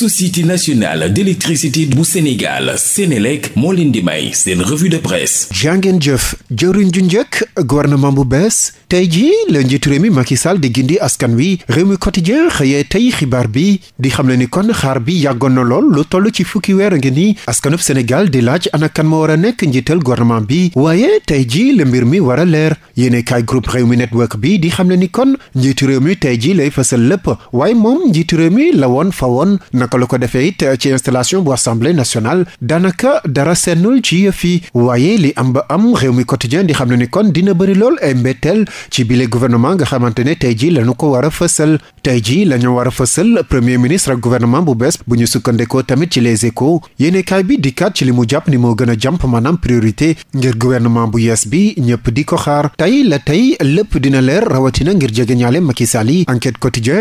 société nationale d'électricité bu Sénégal Sénélec moo leen di may seen revue de presse jàngeen jëf jëriñ ju njëkk gouvernement bu bees tey ji la njiitu réew mi Macky Sall di gindi askan wi réew mi quotidien xëyee tey xibaar bi di xam ne ni kon xaar bi yàggoon na lool lu toll ci fukki weer a ngi ni askanub Sénégal di laaj anakan kan moo war a nekk njiital gouvernement bi waaye tey ji la mbir mi war a leer yéene kaay groupe réew mi network bi di xam ne ni kon njiitu réew mi tey ji lay fësal lépp waaye moom njiitu réew mi la woon fa woon na naka la ko defee it ci installation bu assemblée nationale daanaka dara sennul ci yëf yi waaye li am ba am réew mi quotidien di xam ne ni kon dina bëri lool ay mbetteel ci bile gouvernement nga xamante ne tey ji lañu ko war a fësal tey ji la ñu war a fësal premier ministre ak bu bees bu ñu sukkandekoo tamit ci les échos yéene kaay bi dikkaat ci li mu jàpp ni moo gën a jàmp maanaam priorité ngir gouvernement bu yees bi ñëpp di ko xaar tey la tey lépp dina leer rawatina ngir jege ñaale Macky Sall yi enquête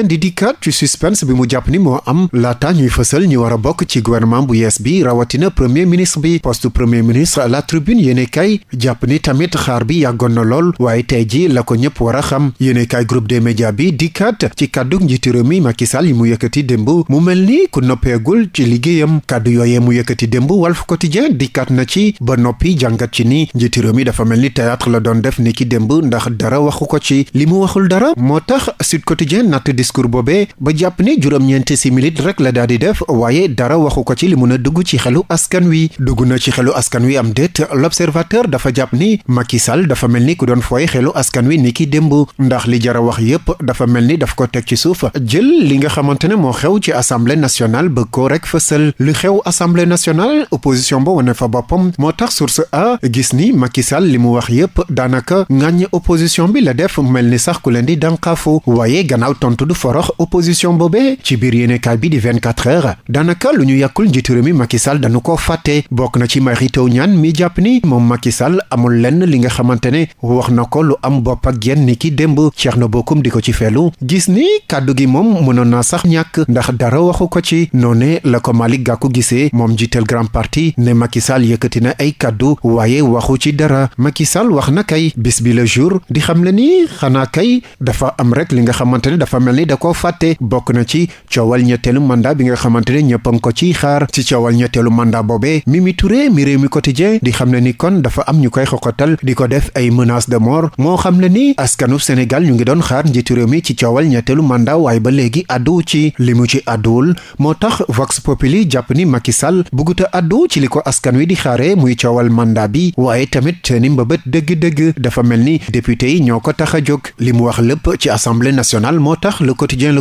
di dikkaat bi mu jàpp ni ñuy fësal ñu war a bokk ci gouvernement bu yees bi rawatina premier ministre bi poste premier ministre la tribune jàpp ni tamit xaar bi yàggoon na lool waaye tey ji la ko ñëpp war a xam yéene kay groupe des médias bi dikkaat ci kàddu njiitu réew mi Macky Sall yi mu yëkkati démb mu mel ni ku noppeegul ci liggéeyam kàddu yooyee mu yëkkati démb Walf Quotidien dikkaat na ci ba noppi jàngat ci ni njiitu réew mi dafa mel ni théâtre la doon def ni ki démb ndax dara waxu ko ci li mu waxul dara moo tax Sud Quotidien natt discours boobee ba di def waaye dara waxu ko ci li mun a dugg ci xelu askan wi dugg na ci xelu askan wi am déet l'observateur dafa jàpp ni Macky Sall dafa mel ni ku doon fooy xelu askan wi ni ki démb ndax li jara wax yépp dafa mel ni daf ko teg ci suuf jël li nga xamante ne moo xew ci assamble nationale bëgg ko rek fësal lu xew assemblée nationale opposition bo wane fa boppam moo tax source a gis ni Macky Sall li mu wax yépp daanaka ŋàññ opposition bi la def mel ni sax ku leen di dànqaafu waaye gannaaw tontu du forox opposition ci biir yéenekaay bi di 24 daanaka lu ñu yàkkul njiitu réew mi Macky Sall dañu ko fàtte bokk na ci Mary Teuw ñaan mi jàpp ni moom Macky Sall amul lenn li nga xamante ne wax na ko lu am bopp ak yenn ni ki démb na Bocoum di ko ci feelu gis ni kàddu gi moom mënoon naa sax ñàkk ndax dara waxu ko ci noone la ko Malick Gakou gisee moom jiital grand parti ne Macky Sall yëkkati na ay kàddu waaye waxu ci dara Macky Sall wax na kay bis bi le jour di xam le ni xanaa kay dafa am rek li nga xamante ne dafa mel ni da koo fàtte bokk na ci coowal ñetteelu mandat bi nga xamante ne ñëpp ko ciy xaar ci coowal ñetteelu mandat boobee Mimi Touré mi réew mi quotidien di xam ne ni kon dafa am ñu koy xoqatal di ko def ay menaces de mort moo xam ne ni askanu Sénégal ñu ngi doon xaar njiitu réew mi ci coowal ñetteelu mandat waaye ba léegi àdduwu ci li mu ci àdduwul moo tax Vox Populi jàpp ni Macky Sall bugut te addu ci li ko askan wi di xaare muy coowal mandat bi waaye tamit ni mbëbët dëgg-dëgg dafa mel ni député yi ñoo ko tax a jóg li mu wax lépp ci assemblée nationale moo tax le quotidien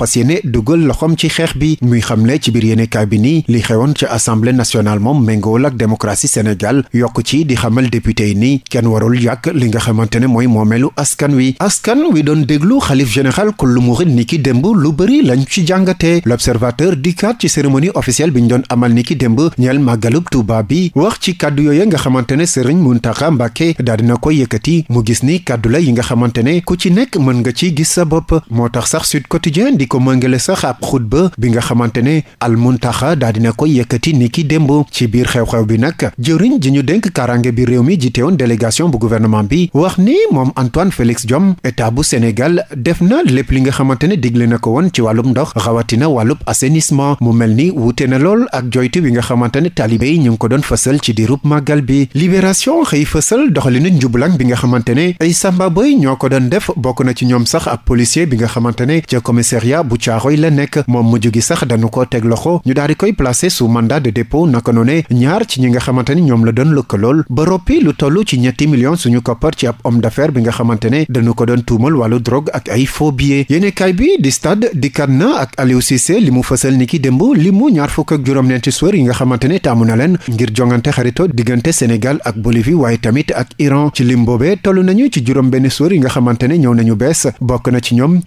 fas yéene dugal loxoom ci xeex bi muy xamle ci biir yéenekaay bi ni li xewoon ca assemblée nationale moom méngool ak démocratie Sénégal yokk ci di xamal député yi ni kenn warul yàq li nga xamante ne mooy melu askan wi askan wi doon déglu xalif général kullu murid ni ki démb lu bëri lañ ci jàngatee l'observateur dikkaat ci cérémonie officielle bi ñu doon amal ni ki démb ñeel màggalub Tuuba bi wax ci kàddu yooyu nga xamante ne sëriñ Muntaxa Mbàkke daal dina ko yëkkati mu gis ni kàddu yi nga xamante ne ku ci nekk mën nga ci gis sa bopp moo tax sax Sud Quotidien ko mëngale sax ab xutba bi nga xamante ne almuntaxa daa na ko yëkkati ni ki démb ci biir xew-xew bi nag jëriñ ji ñu denk karange bi réew mi woon délégation bu gouvernement bi wax ni moom Antoine Félix Diome état bu Sénégal def na lépp li nga xamante ne digle na ko woon ci wàllub ndox rawatina wàllub assainissement mu mel ni wuute na lool ak joytu bi nga xamante ne taalibe yi ñu ngi ko doon fësal ci diirub màggal bi libération xëy fësal doxalinu njublang bi nga xamante ne ay samba boy ñoo ko doon def bokk na ci ñoom sax ab policier bi nga xamante ne ca commissariat commissariat bu caaxoy la nekk moom mujj gi sax dañu ko teg loxo ñu daal di koy placé sous mandat de dépôt naka noone ñaar ci ñi nga xamante ñoom la doon lëkkalool ba roppi lu toll ci ñetti millions suñu koppar ci ab homme d'affaires bi nga xamante ne dañu ko doon tuumal wàllu drogue ak ay faux billets yéenekaay bi di stade dikkat na ak Aliou Cissé li mu fësal ni ki démb li mu ñaar fukk ak juróom-ñeenti suwar yi nga xamante ne taamu na leen ngir jongante xarito diggante Sénégal ak Bolivie waaye tamit ak Iran ci lim boobee toll nañu ci juróom benn suwar yi nga xamante ne ñëw nañu bees bokk na ci ñoom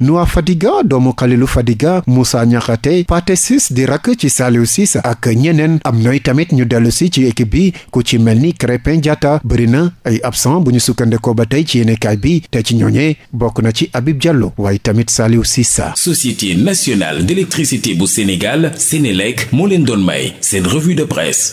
Fallou Fadiga Moussa Niakhaté di rakk ci Saliou Ciss ak ñeneen am nooy tamit ñu dellu si ci équipe bi ku ci mel ni Crépin Diatta bëri na ay absent bu ñu sukkandekoo ba tey ci yéenekaay bi te ci ñooñee bokk na ci abib Diallo waaye tamit Saliou Ciss Société nationale d'électricité bu Sénégal Sénélec moo leen doon may seen revue de presse